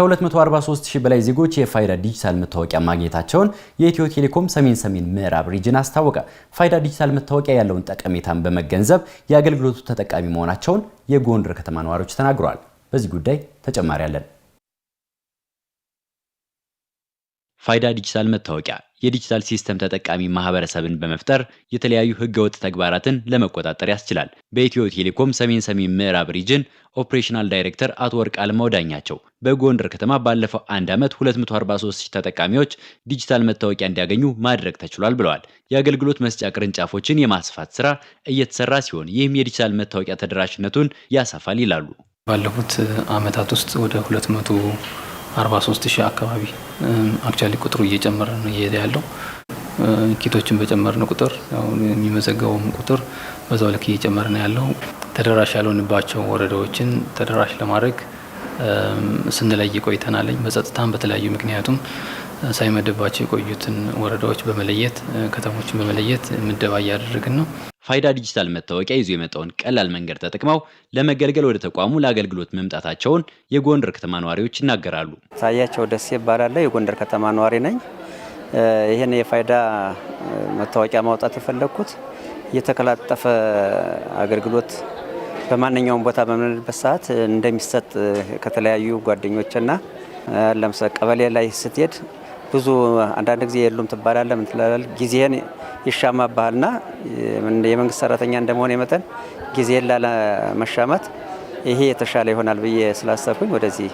ከ243 ሺህ በላይ ዜጎች የፋይዳ ዲጂታል መታወቂያ ማግኘታቸውን የኢትዮ ቴሌኮም ሰሜን ሰሜን ምዕራብ ሪጅን አስታወቀ። ፋይዳ ዲጂታል መታወቂያ ያለውን ጠቀሜታን በመገንዘብ የአገልግሎቱ ተጠቃሚ መሆናቸውን የጎንደር ከተማ ነዋሪዎች ተናግረዋል። በዚህ ጉዳይ ተጨማሪ አለን። ፋይዳ ዲጂታል መታወቂያ የዲጂታል ሲስተም ተጠቃሚ ማህበረሰብን በመፍጠር የተለያዩ ህገወጥ ተግባራትን ለመቆጣጠር ያስችላል። በኢትዮ ቴሌኮም ሰሜን ሰሜን ምዕራብ ሪጅን ኦፕሬሽናል ዳይሬክተር አቶ ወርቅ አልማው ዳኛቸው በጎንደር ከተማ ባለፈው አንድ ዓመት 243 ሺህ ተጠቃሚዎች ዲጂታል መታወቂያ እንዲያገኙ ማድረግ ተችሏል ብለዋል። የአገልግሎት መስጫ ቅርንጫፎችን የማስፋት ስራ እየተሰራ ሲሆን ይህም የዲጂታል መታወቂያ ተደራሽነቱን ያሰፋል ይላሉ። ባለፉት ዓመታት ውስጥ ወደ 200 43 ሺህ አካባቢ አክቹዋሊ ቁጥሩ እየጨመረ ነው እየሄደ ያለው። ኪቶችን በጨመርን ቁጥር የሚመዘገበውም ቁጥር በዛው ልክ እየጨመረ ነው ያለው። ተደራሽ ያልሆንባቸው ወረዳዎችን ተደራሽ ለማድረግ ስንለይ ቆይተናለኝ። በጸጥታም በተለያዩ ምክንያቱም ሳይመደባቸው የቆዩትን ወረዳዎች በመለየት ከተሞችን በመለየት ምደባ እያደረግን ነው። ፋይዳ ዲጂታል መታወቂያ ይዞ የመጣውን ቀላል መንገድ ተጠቅመው ለመገልገል ወደ ተቋሙ ለአገልግሎት መምጣታቸውን የጎንደር ከተማ ነዋሪዎች ይናገራሉ። ሳያቸው ደሴ ይባላለሁ። የጎንደር ከተማ ነዋሪ ነኝ። ይህን የፋይዳ መታወቂያ ማውጣት የፈለግኩት የተከላጠፈ አገልግሎት በማንኛውም ቦታ በምንልበት ሰዓት እንደሚሰጥ ከተለያዩ ጓደኞችና ለምሳሌ ቀበሌ ላይ ስትሄድ ብዙ አንዳንድ ጊዜ የሉም ትባላለህ፣ ምን ትላለህ፣ ጊዜህን ይሻማብሃልና የመንግስት ሰራተኛ እንደመሆን መጠን ጊዜን ላለመሻማት ይሄ የተሻለ ይሆናል ብዬ ስላሰብኩኝ ወደዚህ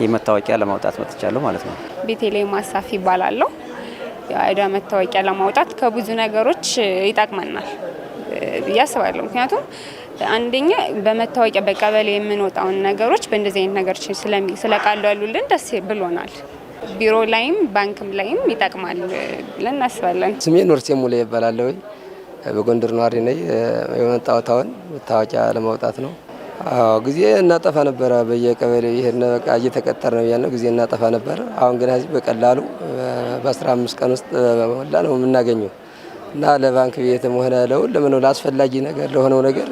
ይህ መታወቂያ ለማውጣት መጥቻለሁ ማለት ነው። ቤተልሔም ማሳፊ ይባላለሁ። የአይዳ መታወቂያ ለማውጣት ከብዙ ነገሮች ይጠቅመናል ብዬ አስባለሁ። ምክንያቱም አንደኛ በመታወቂያ በቀበሌ የምንወጣውን ነገሮች በእንደዚህ አይነት ነገሮች ስለቃሉ ያሉልን ደስ ብሎናል። ቢሮ ላይም ባንክም ላይም ይጠቅማል ብለን እናስባለን። ስሜ ኑርሴ ሙለ ይባላለሁ። በጎንደር ነዋሪ ነኝ። የመጣሁት አሁን መታወቂያ ለማውጣት ነው። አዎ ጊዜ እናጠፋ ነበረ። በየቀበሌ ይሄን በቃ እየተቀጠር ነው ያለው ጊዜ እናጠፋ ነበረ። አሁን ግን እዚህ በቀላሉ በ15 ቀን ውስጥ በመላ ነው የምናገኘው እና ለባንክ ቤትም ሆነ ለሁሉም ነው ለአስፈላጊ ነገር ለሆነው ነገር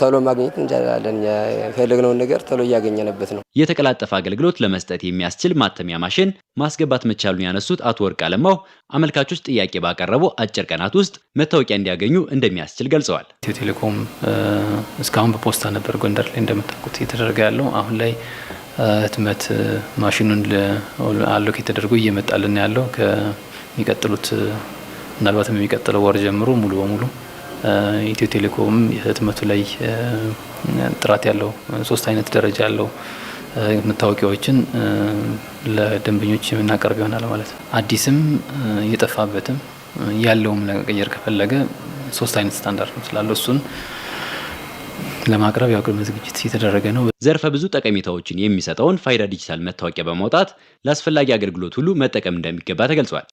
ቶሎ ማግኘት እንችላለን። የፈለግነውን ነገር ቶሎ እያገኘንበት ነው። የተቀላጠፈ አገልግሎት ለመስጠት የሚያስችል ማተሚያ ማሽን ማስገባት መቻሉን ያነሱት አቶ ወርቅ አለማው አመልካቾች ጥያቄ ባቀረቡ አጭር ቀናት ውስጥ መታወቂያ እንዲያገኙ እንደሚያስችል ገልጸዋል። ኢትዮ ቴሌኮም እስካሁን በፖስታ ነበር ጎንደር ላይ እንደምታውቁት እየተደረገ ያለው አሁን ላይ ህትመት ማሽኑን አሎኬት ተደርጎ እየመጣልን ያለው ከሚቀጥሉት ምናልባትም የሚቀጥለው ወር ጀምሮ ሙሉ በሙሉ ኢትዮ ቴሌኮም የህትመቱ ላይ ጥራት ያለው ሶስት አይነት ደረጃ ያለው መታወቂያዎችን ለደንበኞች የምናቀርብ ይሆናል ማለት ነው። አዲስም የጠፋበትም ያለውም ለመቀየር ከፈለገ ሶስት አይነት ስታንዳርድ ነው ስላለው እሱን ለማቅረብ ያው ቅድመ ዝግጅት የተደረገ ነው። ዘርፈ ብዙ ጠቀሜታዎችን የሚሰጠውን ፋይዳ ዲጂታል መታወቂያ በማውጣት ለአስፈላጊ አገልግሎት ሁሉ መጠቀም እንደሚገባ ተገልጿል።